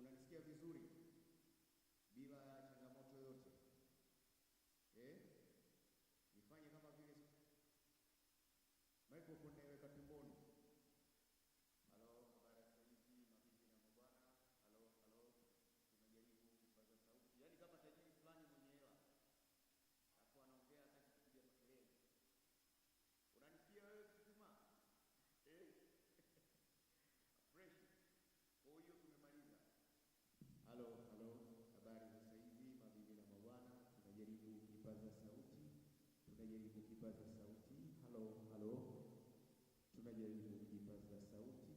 unanisikia vizuri bila changamoto yoyote eh? Nifanye kama vile Michael Konde kipaza sauti, tunajaribu kipaza sauti. Halo, halo, tunajaribu kipaza sauti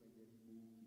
Senhor vai me